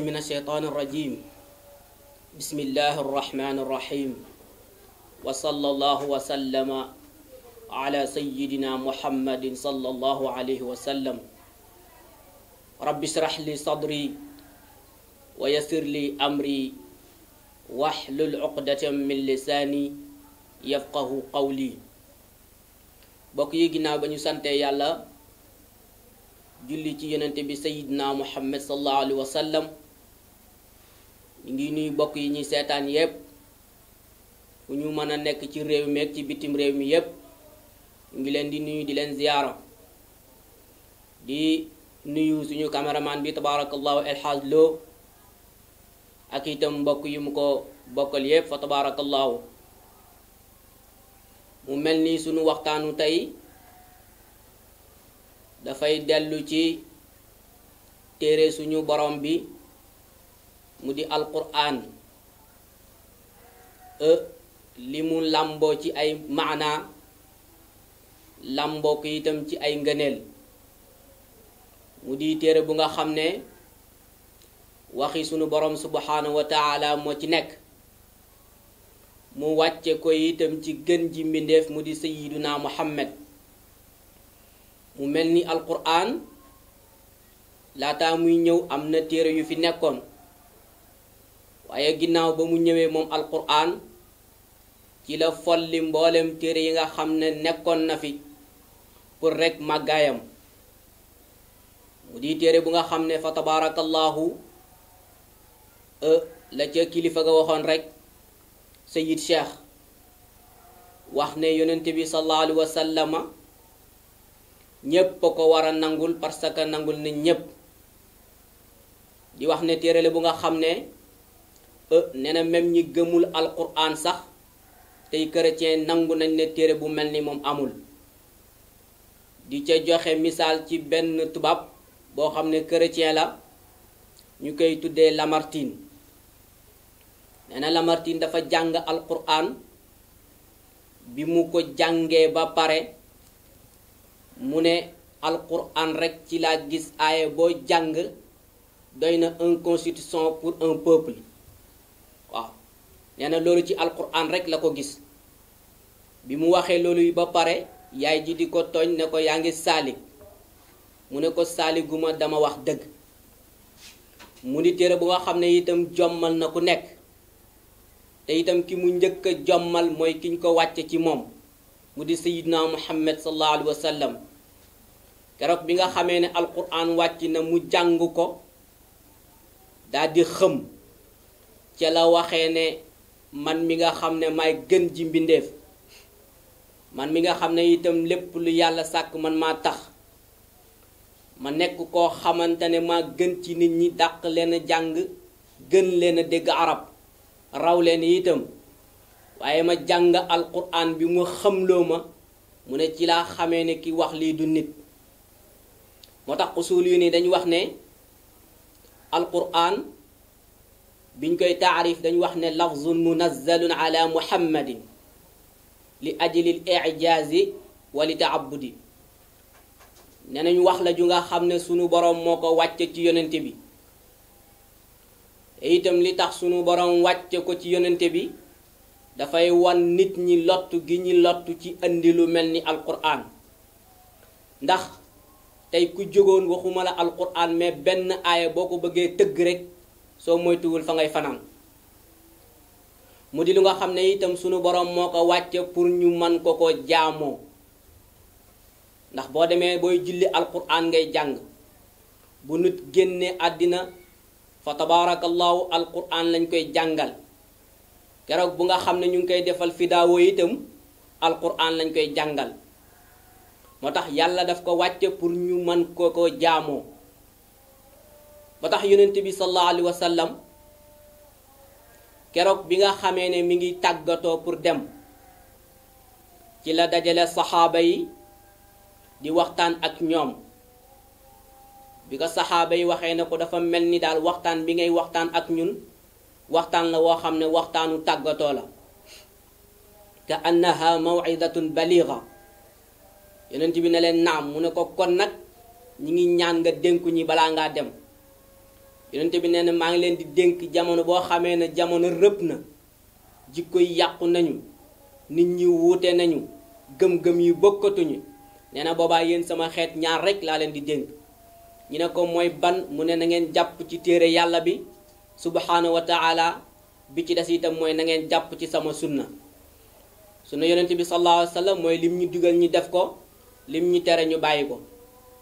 من الشيطان الرجيم بسم الله الرحمن الرحيم وصلى الله وسلم على سيدنا محمد صلى الله عليه وسلم رب اشرح لي صدري ويسر لي أمري واحلل عقدة من لساني يفقه قولي bokk yi ginnaaw ba ñu sante yàlla julli ci yonente bi sayidna muhammad ñu ngi nuyu mbokk yi ñi seetaan yépp ku ñu mëna nekk ci réew mi ak ci bitim réew mi yépp ngi leen di nuyu di leen di nuyu suñu cameraman bi tabarakallahu elhaj lo ak itam mbokk yi mu ko bokkal yépp fa tabarakallahu mu mel ni suñu waxtaanu tey fay dellu ci téere suñu borom bi mu di alquran e, li mu làmboo ci ay maana làmboo ko itam ci ay ngëneel mu di téere bu nga xam ne waxi sunu borom subhanahu wataala moo ci nekk mu wàcce ko itam ci gën ji mbindeef mu di sayiduna muhammad mu mel ni alquran laata muy ñëw am na téere yu fi nekkoon waye ginnaw ba mu ñëwé mom alquran ci la folli mbolem téré yi nga xamné nekkon na fi pour rek magayam mu di bu nga xamné fa tabarakallahu la ci kilifa ga waxon rek sayyid cheikh wax ne bi sallallahu alayhi wasallam ñépp ko wara nangul parce que nangul ni ñépp di wax ne téere bu nga xamné Euh, nee na ñi gëmul alquran sax tey chrétien nangu nañ ne téere bu mel ni moom amul di ca joxe misaal ci benn tubaab boo xam ne chrétien la ñu koy tuddee Lamartine nee na Lamartine dafa jàng alquran bi mu ko jàngee ba pare mu ne alquran rek ci laa gis aaye boo jàng doy na un constitution pour un peuple nee na loolu ci alquran rek la ko gis bi mu waxee loolu ba pare yaay ji di ko tooñ ne ko yaa ngi saalik mu ne ko saaliguma dama wax dëgg mu ni téere bu nga xam ne itam jommal na ku nekk te itam ki mu njëkk a jommal mooy ki ko wàcce ci moom mu di sayidna muhammad sallallahu alayhi wa sallam keroog bi nga xamee ne alquran wàcc na mu jàng ko daldi xëm ca la waxee ne man mi nga xam ne may gën ji mbindeef man mi nga xam ne itam lépp lu yàlla sàkk man maa tax ma nekk koo xamante ne maa gën ci nit ñi dàq leen a jàng gën leen a dégg arab raw leen itam waaye ma jàng alquran bi mu xamloo ma mu ne ci laa xame ne ki wax lii du nit moo tax usul yu ni dañu wax ne alquran بن كي تعرف دن وحنا لفظ منزل على محمد لأجل الإعجاز ولتعبد نانا ني واخ لا جوغا خامن سونو بروم موكو واتي تي يوننتي بي ايتام لي واتي كو تي يوننتي بي دا فاي وان نيت ني لوتو غي ني لوتو تي اندي لو ملني القران ندخ تاي كو جوغون القران مي بن ايه بوكو بوغي تيغ soo moytuwul fa ngay fanaan mu di lu nga xam ne itam sunu borom moo ko wàcce pour ñu man koo ko jaamoo ndax boo demee booy julli alquran ngay jàng bu nit génnee àddina fa tabaarakallaahu alquran lañ koy jàngal keroog bu nga xam ne ñu ngi koy defal fidaawoo itam alquran lañ koy jàngal moo tax yàlla daf ko wàcce pour ñu man koo ko jaamoo ba tax yonent bi sallallahu alayhi wa sallam keroog bi nga xamee ne mi ngi tàggatoo pour dem ci la dajale saxaaba yi di waxtaan ak ñoom bi ko saxaaba yi waxee ne ko dafa mel ni daal waxtaan bi ngay waxtaan ak ñun waxtaan la woo xam ne waxtaanu tàggatoo la ka annaha mawidatun baliga yonent bi na leen naam mu ne ko kon nag ñi ngi ñaan nga dénku ñi balaa ngaa dem yonente bi nee na maa ngi leen di dénk jamono boo xamee ne jamono rëbb na jikko yi yàqu nañu nit ñi wuute nañu gëm-gëm yu bokkatuñu nee na boobaa yéen sama xeet ñaar rek laa leen di dénk ñu ne ko mooy ban mu ne na ngeen jàpp ci téere yàlla bi subhaanahu wa taala bi ci des itam mooy na ngeen jàpp ci sama sunna sunna yonente bi sallallahu alayhi mooy lim ñu digal ñu def ko lim ñu tere ñu bàyyi ko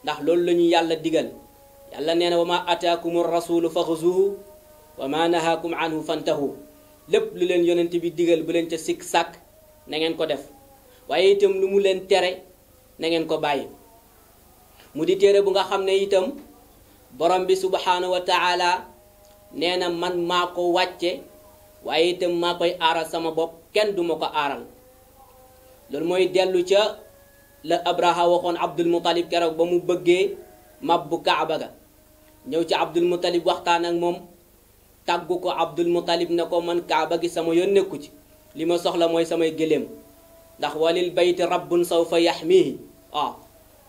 ndax loolu lañu yàlla digal yàlla neena na wa ma ataakum rasulu faxuzuhu wa ma nahaakum anhu fantahu lépp lu leen yonent bi digal bu leen ca sikk sàkk na ngeen ko def waaye itam lu mu leen tere na ngeen ko bàyyi mu di téere bu nga xam ne itam borom bi subhaanahu wa taala nee na man maa ko wàcce waaye itam maa koy aaral sama bopp kenn duma ko aaral loolu mooy dellu ca la Abraha waxoon Abdul Mutalib keroog ba mu bëggee mabbu Kaaba ga ñëw ci abdul mutalib waxtaan ak mom tàggu ko abdul mutalib ne ko man kaaba gi sama yoon nekku ci lima soxla moy samay gelem ndax walil bayt rabbun sawfa yaxmihi ah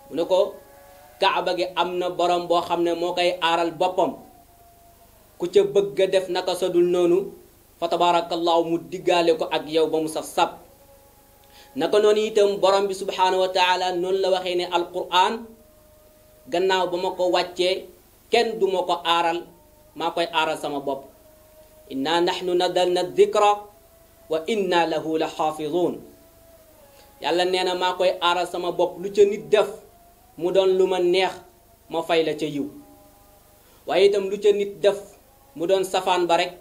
mu ne ko kaaba gi amna borom bo xamne mo kay aral bopam ku ca bëgg def naka sodul nonu fa tabarakallahu mu diggaale ko ak yow ba mu sab naka non itam borom bi subhanahu wa taala non la waxee ne alquran gannaaw bama ko wacce kenn du ma ko aaral maa koy aaral sama bopp naa ndax inna nahnu naddalna dikra wa inna lahu la xaafizuun yàlla nee na maa koy aaral sama bopp lu ca nit def mu doon lu ma neex ma fay la ca yiw waaye itam lu ca nit def mu doon safaan ba rek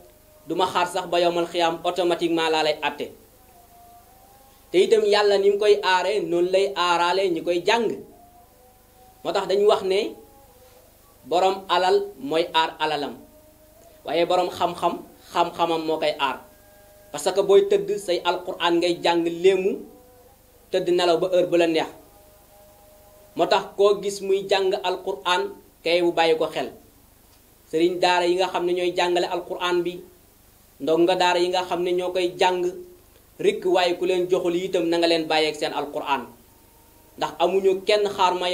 du xaar sax ba yowmal xiyaam automatiquement laa lay atte te itam yàlla ni mu koy aare noonu lay aaraale ñi koy jàng moo tax dañu wax ne borom alal moy ar alalam waye borom xam-xam xam-xamam mo kay ar parce que boy teud say alquran ngay jang lemu teud nalaw ba heure bu la neex motax ko gis muy jang alquran kay wu bayiko xel serigne daara yi nga xamne ñoy jangale alquran bi nga daara yi nga xamne ñokay jang rik way ku len joxul yitam na nga baye ak sen alquran ndax amuñu kenn xaar ma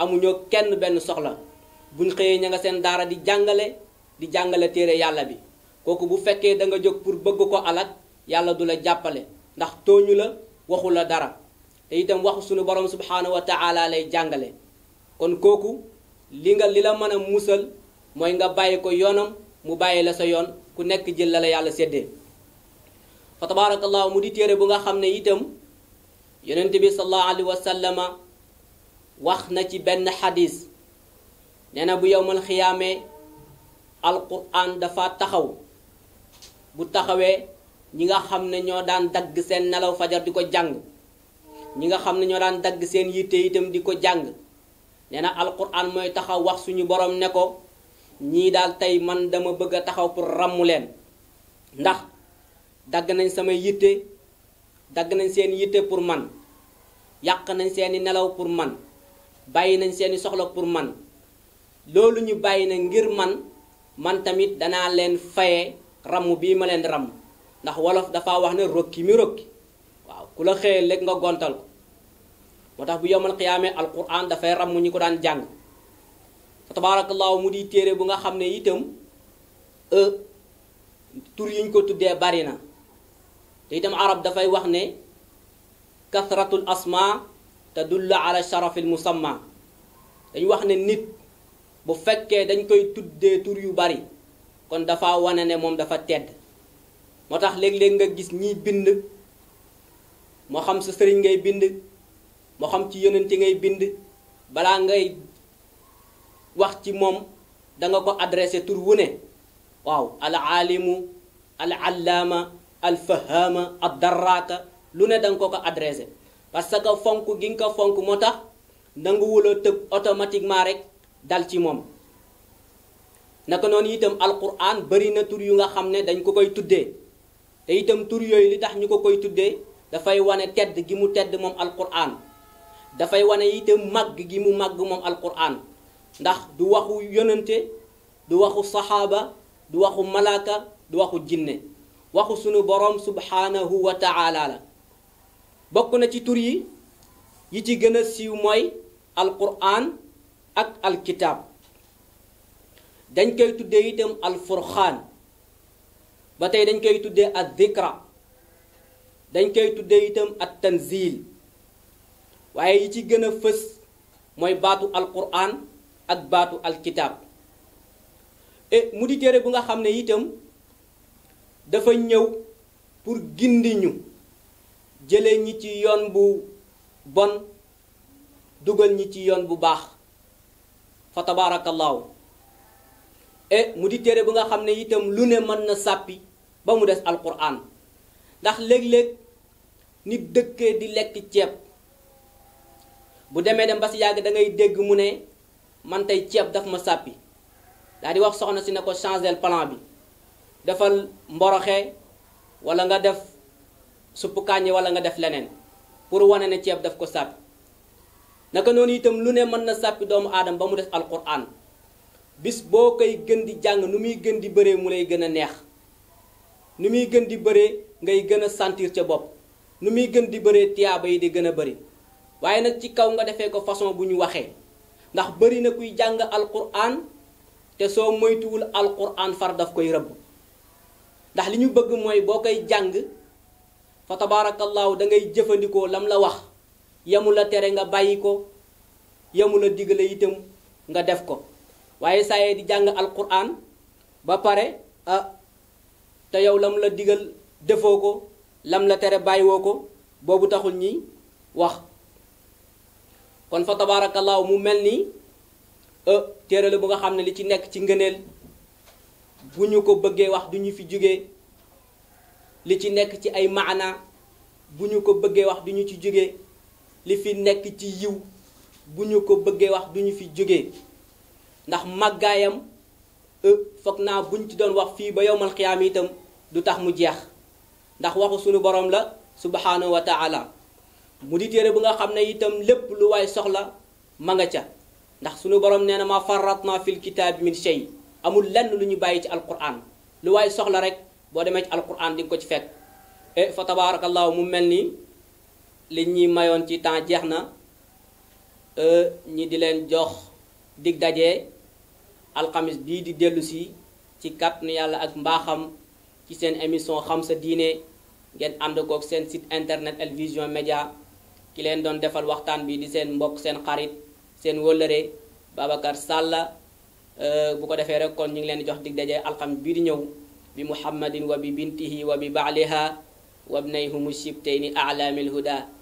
amuñu kenn ben soxla buñ xëyee ña nga seen daara di jàngale di jàngale téere yàlla bi kooku bu fekkee da nga jóg pour bëgg ko alal yàlla du la jàppale ndax tooñu la waxu la dara te itam waxu suñu borom subhaanahu wa lay jàngale kon kooku li nga li la mën a musal mooy nga bàyyi ko yoonam mu bàyyi la sa yoon ku nekk jël la la yàlla séddee fa tabarakallahu mu di téere bu nga xam ne itam yonent bi sallallahu alayhi wa sallama wax na ci benn xadiis nee bu yowmal xiyaamee alquran dafa taxaw bu taxawee ñi nga xam ne ñoo daan dagg seen nelaw fajar di ko jàng ñi nga xam ne ñoo daan dagg seen yitte itam di ko jàng alquran mooy taxaw wax suñu borom ne ko ñii daal tey man dama bëgg a taxaw pour ràmm leen ndax dagg nañ sama yitte dagg nañ seen yitte pour man yàq nañ seeni nelaw pour man bàyyi nañ seeni pour man loolu ñu bàyyi na ngir man man tamit dana leen faye ramm bii ma leen ram ndax wolof dafa wax ne rokki mi rokki waaw ku la xëyal rek nga gontal ko moo tax bu yomal xiyaamee alquran dafay ramm ñu ko daan jàng fa tabaarakallaahu mu di téere bu nga xam ne itam e, tur yiñ ko tuddee bari na te itam arab dafay wax ne kathratul asma tadullu ala sharafil musamma dañ wax ne nit bu fekkee dañ koy tuddee tur yu bari kon dafa wane ne moom dafa tedd moo tax léeg-léeg nga gis ñiy bind moo xam sa sëriñ ngay bind moo xam ci yonente ngay bind balaa ngay wax ci moom danga ko adressé tur wu ne waaw al aalimu al allaama al fahaama ad darraaka lu ne danga ko ko adressé parce que fonk gi nga ko fonk moo tax nanguwula tëb automatiquement rek dal ci moom naka noonu itam alquran bari na tur yu nga xam ne dañ ko koy tuddee te itam tur yooyu li tax ñu ko koy tuddee dafay wane tedd gi mu tedd moom alquran dafay wane itam màgg gi mu màgg moom alquran ndax du waxu yonante du waxu saxaaba du waxu malaaka du waxu jinne waxu sunu borom subhanahu wa taala la bokk na ci tur yi yi ci gën a siiw mooy alquran ak alkitaab dañ koy tuddee itam alfurxaan ba tey dañ koy tuddee ad dikra dañ koy tuddee itam at tanzil waaye yi ci gën a fës mooy baatu alquran ak baatu alkitaab e mu di téere bu nga xam ne itam dafa ñëw pour gindi ñu jëlee ñi ci yoon bu bon dugal ñi ci yoon bu baax fa tabaarakallaahu e mu di téere bu nga xam ne itam lu ne mën na sàppi ba mu des alquran ndax léeg-léeg nit dëkkee di lekk ceeb bu demee dem ba si yàgg da ngay dégg mu ne man tey ceeb daf ma sàppi daal di wax soxna si ne ko changer plan bi defal mboroxe wala nga def suppu kàññe wala nga def leneen pour wane ne ceeb daf ko sàppi naka noonu itam lu ne mën na sàppi doomu aadama ba mu des alquran bis boo koy gën di jàng nu muy gën di bëree mu lay gën a neex nu muy gën di bëree ngay gëna a sentir ca bopp nu muy gën di bëree tiyaaba yi di gën a bëri waaye nag ci kaw nga defee ko façon bu ñu waxee ndax bëri na kuy jàng alquran te soo moytuwul alquran far daf koy rëbb ndax li ñu bëgg mooy boo koy jàng fa tabaarakallaahu da ngay jëfandikoo lam la wax yamula tere nga bayiko ko yamula digale itam nga def ko waye saa di jang alquran ba pare ah te yow lam la digal defoko ko lam la tere bayiwoko ko taxul ñi wax kon fa tabarakallah mu melni, ni téere la bu nga xam li ci nek ci ngeenel buñu ko bëggee wax duñu fi jógee li ci nek ci ay maana buñu ko bëggee wax duñu ci li fi nekk ci yiw buñu ko bëgge wax duñu fi joggé ndax màggaayam foog naa buñ ci doon wax fi ba yowmal xiyaam itam du tax mu jeex ndax waxu sunu borom la subhanahu wa taala mudi tere bu nga xamne itam lépp lu way soxla ma nga ca ndax sunu borom nee ma faratna fil kitab min shay amul lenn luñu bàyyi ci alquran lu way soxla rek bo demé ci alquran di ko ci fek e fa tabarakallahu mu melni li ñuy mayoon ci temps jeex na ñi di leen jox dig daje alxamis bii di dellu si ci kàttanu yàlla ak mbaaxam ci seen émission xam sa diine ngeen ànd kook seen site internet El Vision Média ki leen doon defal waxtaan bi di seen mbokk seen xarit seen wëllëre Babacar Sàlla bu ko defee rek kon ñu ngi leen di jox dig daje alxamis bii di ñëw bi muhammadin wa bi bintihi wa bi baaliha wa bnayhumu shibtayni aalaamil huda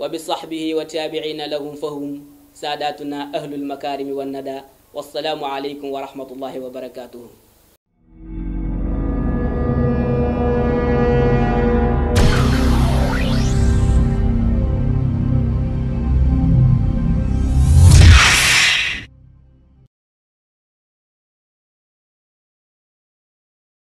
وبصحبه وتابعين لهم فهم ساداتنا أهل المكارم والندى والسلام عليكم ورحمة الله وبركاته